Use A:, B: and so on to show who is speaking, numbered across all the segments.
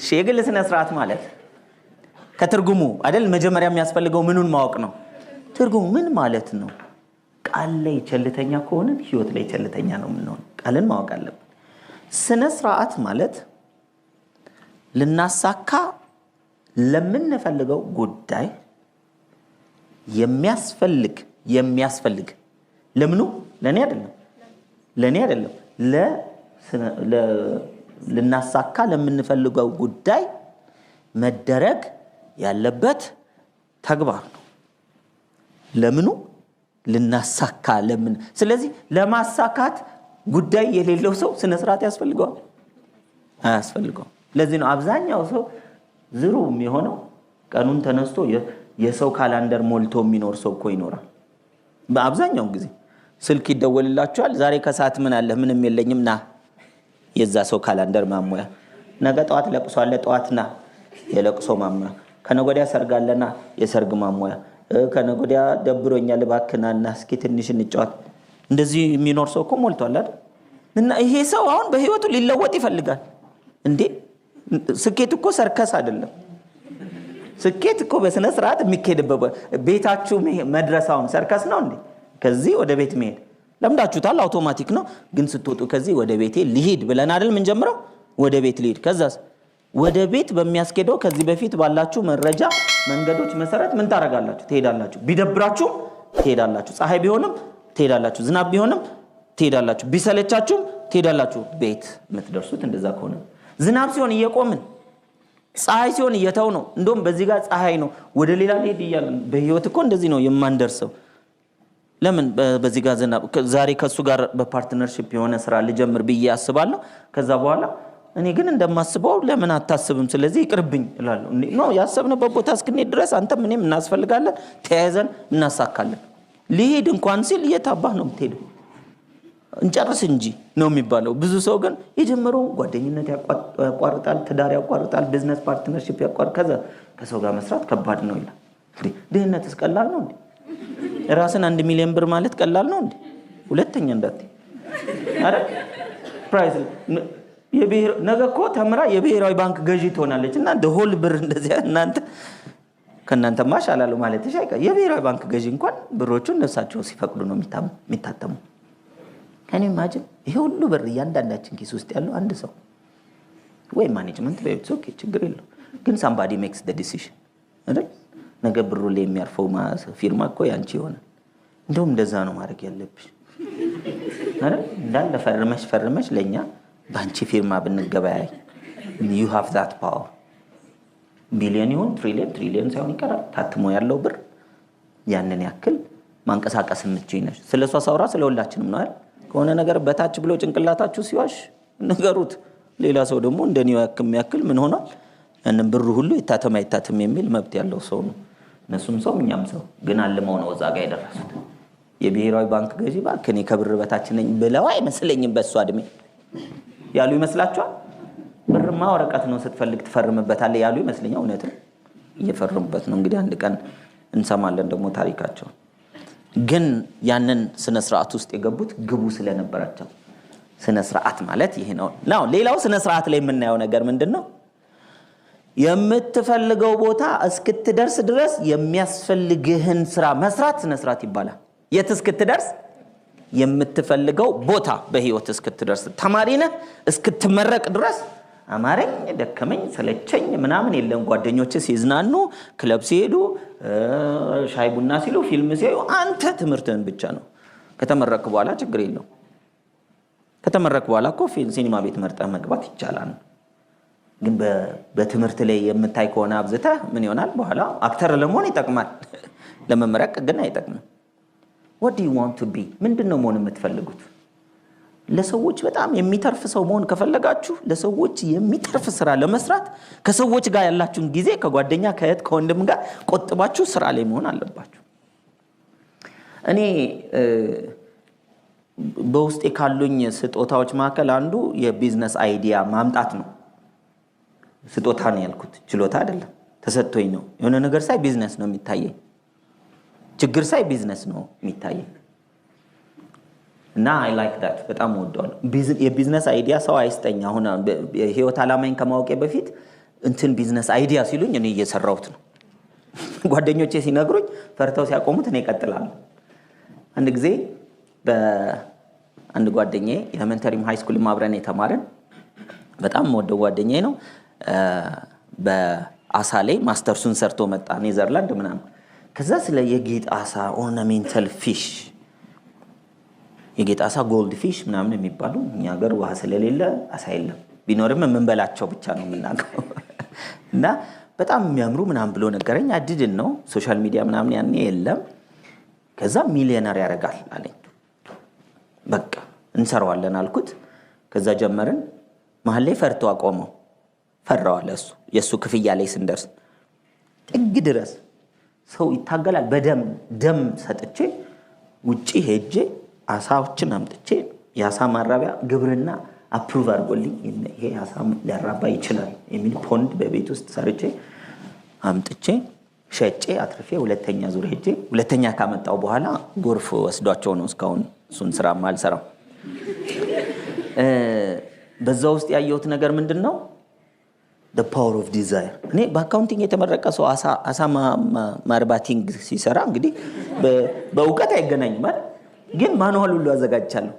A: እሺ የግል ስነ ስርዓት ማለት ከትርጉሙ አይደል? መጀመሪያ የሚያስፈልገው ምኑን ማወቅ ነው። ትርጉሙ ምን ማለት ነው? ቃል ላይ ቸልተኛ ከሆንን ህይወት ላይ ቸልተኛ ነው የምንሆን። ቃልን ማወቅ አለብን። ስነ ስርዓት ማለት ልናሳካ ለምንፈልገው ጉዳይ የሚያስፈልግ የሚያስፈልግ ለምኑ ለእኔ አይደለም ለእኔ አይደለም ልናሳካ ለምንፈልገው ጉዳይ መደረግ ያለበት ተግባር ነው። ለምኑ ልናሳካ ለምን። ስለዚህ ለማሳካት ጉዳይ የሌለው ሰው ስነ ስርዓት ያስፈልገዋል አያስፈልገውም? ለዚህ ነው አብዛኛው ሰው ዝሩ የሚሆነው ቀኑን ተነስቶ የሰው ካላንደር ሞልቶ የሚኖር ሰው እኮ ይኖራል። በአብዛኛው ጊዜ ስልክ ይደወልላቸዋል። ዛሬ ከሰዓት ምን አለህ? ምንም የለኝም ና የዛ ሰው ካላንደር ማሙያ ነገ ጠዋት ለቅሶ አለ፣ ጠዋትና የለቅሶ ማሙያ፣ ከነጎዲያ ሰርግ አለና የሰርግ ማሙያ፣ ከነጎዲያ ደብሮኛል እባክናና እስኪ ትንሽ እንጫወት። እንደዚህ የሚኖር ሰው እኮ ሞልቷል አይደል? እና ይሄ ሰው አሁን በህይወቱ ሊለወጥ ይፈልጋል እንዴ። ስኬት እኮ ሰርከስ አይደለም። ስኬት እኮ በስነ ስርዓት የሚካሄድበት ቤታችሁ መድረሳውን ሰርከስ ነው እንዴ? ከዚህ ወደ ቤት መሄድ ለምዳችሁታል፣ አውቶማቲክ ነው። ግን ስትወጡ ከዚህ ወደ ቤቴ ልሂድ ብለን አይደል ጀምረው ወደ ቤት ልሂድ። ከዛስ ወደ ቤት በሚያስኬደው ከዚህ በፊት ባላችሁ መረጃ መንገዶች መሰረት ምን ታደርጋላችሁ? ትሄዳላችሁ። ቢደብራችሁም ትሄዳላችሁ። ፀሐይ ቢሆንም ትሄዳላችሁ። ዝናብ ቢሆንም ትሄዳላችሁ። ቢሰለቻችሁም ትሄዳላችሁ። ቤት የምትደርሱት እንደዛ ከሆነ ዝናብ ሲሆን እየቆምን ፀሐይ ሲሆን እየተው ነው። እንደውም በዚህ ጋር ፀሐይ ነው ወደ ሌላ ልሄድ እያለን በህይወት እኮ እንደዚህ ነው የማንደርሰው። ለምን በዚህ ጋር ዛሬ ከእሱ ጋር በፓርትነርሽፕ የሆነ ስራ ልጀምር ብዬ አስባለሁ። ከዛ በኋላ እኔ ግን እንደማስበው ለምን አታስብም? ስለዚህ ይቅርብኝ እላለሁ። ኖ ያሰብንበት ቦታ እስክንሄድ ድረስ አንተም እኔም እናስፈልጋለን፣ ተያይዘን እናሳካለን። ሊሄድ እንኳን ሲል እየታባህ ነው የምትሄደው፣ እንጨርስ እንጂ ነው የሚባለው። ብዙ ሰው ግን የጀመረው ጓደኝነት ያቋርጣል፣ ትዳር ያቋርጣል፣ ቢዝነስ ፓርትነርሽፕ ያቋርጣል። ከዛ ከሰው ጋር መስራት ከባድ ነው ይላል። ድህነትስ ቀላል ነው እንዴ? ራስን አንድ ሚሊዮን ብር ማለት ቀላል ነው እንዴ? ሁለተኛ እንዳት አረ ፕራይስ የብሔር ነገ እኮ ተምራ የብሔራዊ ባንክ ገዢ ትሆናለች እና ሆል ብር እንደዚያ እናንተ ከእናንተ ማሻላሉ አላሉ ማለት ይሻይቀ የብሔራዊ ባንክ ገዢ እንኳን ብሮቹ ነፍሳቸው ሲፈቅዱ ነው የሚታተሙ። ከኔ ማጅን ይሄ ሁሉ ብር እያንዳንዳችን ኪስ ውስጥ ያለው አንድ ሰው ወይ ማኔጅመንት ቤት በዩት ችግር የለው ግን ሳምባዲ ሜክስ ዲሲሽን አይደል ነገ ብሩ ላይ የሚያርፈው ፊርማ እኮ ያንቺ ይሆናል። እንደውም እንደዛ ነው ማድረግ ያለብሽ። እንዳለ ፈርመሽ ፈርመሽ ለእኛ በአንቺ ፊርማ ብንገበያይ ዩ ሃቭ ዛት ፓወር። ቢሊዮን ይሁን ትሪሊዮን፣ ትሪሊዮን ሳይሆን ይቀራል። ታትሞ ያለው ብር ያንን ያክል ማንቀሳቀስ የምትችይ ነሽ። ስለ እሷ ሳውራ ስለ ሁላችንም ነው አይደል? ከሆነ ነገር በታች ብሎ ጭንቅላታችሁ ሲዋሽ ንገሩት። ሌላ ሰው ደግሞ እንደኒው ያክል ምን ሆኗል? ያንን ብሩ ሁሉ ይታተም አይታተም የሚል መብት ያለው ሰው ነው። እነሱም ሰው እኛም ሰው ግን አልመው ነው እዛ ጋ የደረሱት። የብሔራዊ ባንክ ገዢ እባክህ እኔ ከብር በታች ነኝ ብለው አይመስለኝም በሱ እድሜ ያሉ ይመስላችኋል? ብርማ ወረቀት ነው ስትፈልግ ትፈርምበታለህ ያሉ ይመስለኛል። እውነትም እየፈርሙበት ነው። እንግዲህ አንድ ቀን እንሰማለን ደግሞ ታሪካቸውን። ግን ያንን ስነስርዓት ውስጥ የገቡት ግቡ ስለነበራቸው ስነስርዓት ማለት ይሄ ነው። ሌላው ስነስርዓት ላይ የምናየው ነገር ምንድን ነው? የምትፈልገው ቦታ እስክትደርስ ድረስ የሚያስፈልግህን ስራ መስራት ስነስርዓት ይባላል። የት እስክትደርስ? የምትፈልገው ቦታ በህይወት እስክትደርስ። ተማሪ ነህ፣ እስክትመረቅ ድረስ አማረኝ፣ ደከመኝ፣ ሰለቸኝ ምናምን የለም። ጓደኞች ሲዝናኑ፣ ክለብ ሲሄዱ፣ ሻይ ቡና ሲሉ፣ ፊልም ሲያዩ፣ አንተ ትምህርትህን ብቻ ነው። ከተመረክ በኋላ ችግር የለው። ከተመረክ በኋላ እኮ ሲኒማ ቤት መርጠህ መግባት ይቻላል። ግን በትምህርት ላይ የምታይ ከሆነ አብዝተ ምን ይሆናል? በኋላ አክተር ለመሆን ይጠቅማል፣ ለመመረቅ ግን አይጠቅምም። ወዲ ዋንቱ ቢ ምንድን ነው መሆን የምትፈልጉት? ለሰዎች በጣም የሚተርፍ ሰው መሆን ከፈለጋችሁ ለሰዎች የሚተርፍ ስራ ለመስራት ከሰዎች ጋር ያላችሁን ጊዜ ከጓደኛ ከእህት ከወንድም ጋር ቆጥባችሁ ስራ ላይ መሆን አለባችሁ። እኔ በውስጤ ካሉኝ ስጦታዎች መካከል አንዱ የቢዝነስ አይዲያ ማምጣት ነው። ስጦታ ነው ያልኩት፣ ችሎታ አይደለም። ተሰጥቶኝ ነው። የሆነ ነገር ሳይ ቢዝነስ ነው የሚታየኝ፣ ችግር ሳይ ቢዝነስ ነው የሚታየኝ እና አይ ላይክ ዳት በጣም ወደዋል። የቢዝነስ አይዲያ ሰው አይስጠኝ። አሁን ህይወት አላማኝ ከማወቄ በፊት እንትን ቢዝነስ አይዲያ ሲሉኝ እኔ እየሰራሁት ነው። ጓደኞቼ ሲነግሩኝ ፈርተው ሲያቆሙት እኔ እቀጥላለሁ። አንድ ጊዜ በአንድ ጓደኛዬ ኤሌመንተሪም ሃይስኩልም አብረን የተማረን በጣም ወደው ጓደኛዬ ነው በአሳ ላይ ማስተርሱን ሰርቶ መጣ ኔዘርላንድ ምናምን። ከዛ ስለ የጌጥ አሳ ኦርናሜንታል ፊሽ የጌጥ አሳ ጎልድ ፊሽ ምናምን የሚባሉ እኛ ሀገር ውሃ ስለሌለ አሳ የለም፣ ቢኖርም የምንበላቸው ብቻ ነው የምናውቀው እና በጣም የሚያምሩ ምናምን ብሎ ነገረኝ። አድድን ነው ሶሻል ሚዲያ ምናምን ያኔ የለም። ከዛ ሚሊዮነር ያደርጋል አለኝ። በቃ እንሰራዋለን አልኩት። ከዛ ጀመርን። መሀል ላይ ፈርቶ አቆመው። ፈራዋለ እሱ የእሱ ክፍያ ላይ ስንደርስ ጥግ ድረስ ሰው ይታገላል። በደም ደም ሰጥቼ ውጭ ሄጄ አሳዎችን አምጥቼ የአሳ ማራቢያ ግብርና አፕሩቭ አድርጎልኝ ይሄ አሳ ሊያራባ ይችላል የሚል ፖንድ በቤት ውስጥ ሰርቼ አምጥቼ ሸጬ አትርፌ ሁለተኛ ዙር ሄጄ ሁለተኛ ካመጣው በኋላ ጎርፍ ወስዷቸው ነው እስካሁን እሱን ስራ አልሰራም። በዛ ውስጥ ያየሁት ነገር ምንድን ነው? ፓወር ኦፍ ዲዛይር እኔ በአካውንቲንግ የተመረቀ ሰው አሳ ማርባቲንግ ሲሰራ እንግዲህ በእውቀት አይገናኝም ግን ማንዋል ሁሉ አዘጋጅቻለሁ።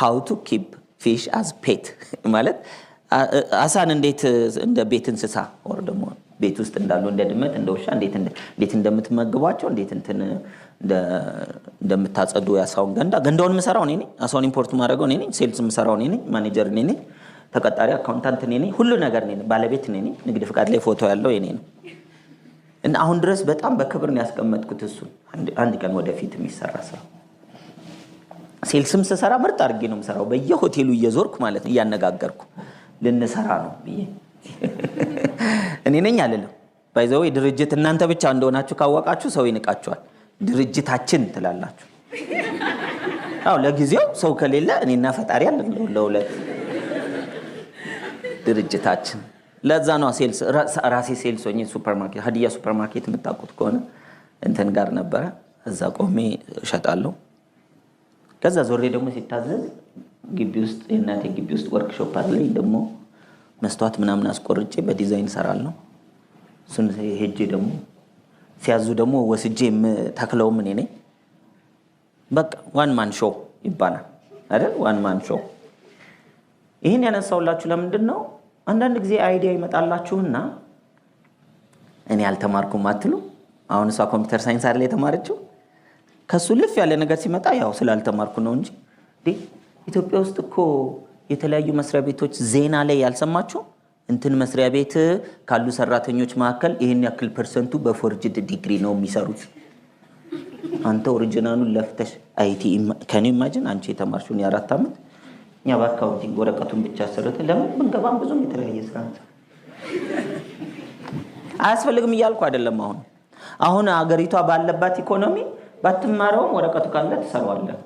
A: ሃው ቱ ኪፕ ፊሽ አዝ ፔት ማለት አሳን እንዴት እንደ ቤት እንስሳ ወር ደግሞ ቤት ውስጥ እንዳሉ እንደ ድመት እንደ ውሻ እንዴት እንደምትመግቧቸው እንዴት እንትን እንደምታጸዱ ያሳውን ገንዳ ገንዳውን የምሰራው እኔ ነኝ። አሳውን ኢምፖርት ማድረገው እኔ ነኝ። ሴልስ የምሰራው እኔ ነኝ። ማኔጀር እኔ ነኝ። ተቀጣሪ አካውንታንት እኔ ነኝ። ሁሉ ነገር እኔ ነኝ። ባለቤት እኔ ነኝ። ንግድ ፍቃድ ላይ ፎቶ ያለው እኔ ነው እና አሁን ድረስ በጣም በክብር ነው ያስቀመጥኩት። እሱ አንድ ቀን ወደፊት የሚሰራ ስራ ሴልስም ስሰራ ምርጥ አድርጌ ነው የምሰራው። በየሆቴሉ እየዞርኩ ማለት ነው እያነጋገርኩ ልንሰራ ነው ብዬ እኔ ነኝ አልልም። ባይዘዌ ድርጅት እናንተ ብቻ እንደሆናችሁ ካወቃችሁ ሰው ይንቃችኋል። ድርጅታችን ትላላችሁ። አዎ ለጊዜው ሰው ከሌለ እኔና ፈጣሪ አለ ድርጅታችን ለዛ ነው ራሴ ሴልስ ሆኜ ሱፐርማርኬት ሀዲያ ሱፐርማርኬት የምታውቁት ከሆነ እንትን ጋር ነበረ። እዛ ቆሜ እሸጣለሁ። ከዛ ዞሬ ደግሞ ሲታዘዝ ግቢ ውስጥ የእናቴ ግቢ ውስጥ ወርክሾፕ አለኝ። ደግሞ መስተዋት ምናምን አስቆርጬ በዲዛይን እሰራለሁ። እሱን ሄጄ ደግሞ ሲያዙ ደግሞ ወስጄ ተክለው ምን ነኝ በቃ ዋን ማን ሾው ይባላል አይደል? ዋን ማን ሾው ይህን ያነሳውላችሁ ለምንድን ነው? አንዳንድ ጊዜ አይዲያ ይመጣላችሁና እኔ አልተማርኩም አትሉ። አሁን እሷ ኮምፒውተር ሳይንስ አይደል የተማረችው? ከሱ ልፍ ያለ ነገር ሲመጣ ያው ስላልተማርኩ ነው እንጂ ኢትዮጵያ ውስጥ እኮ የተለያዩ መስሪያ ቤቶች ዜና ላይ ያልሰማችሁ እንትን መስሪያ ቤት ካሉ ሰራተኞች መካከል ይህን ያክል ፐርሰንቱ በፎርጅድ ዲግሪ ነው የሚሰሩት። አንተ ኦሪጂናሉን ለፍተሽ አይቲ ከኔ ኢማጅን አንቺ የተማርሽውን የአራት ዓመት እኛ በአካውንቲንግ ወረቀቱን ብቻ አሰርተን ለምን ብንገባም ብዙም የተለያየ ስራ አያስፈልግም እያልኩ አይደለም። አሁን አሁን አገሪቷ ባለባት ኢኮኖሚ ባትማረውም ወረቀቱ ካለ ትሰራዋለህ።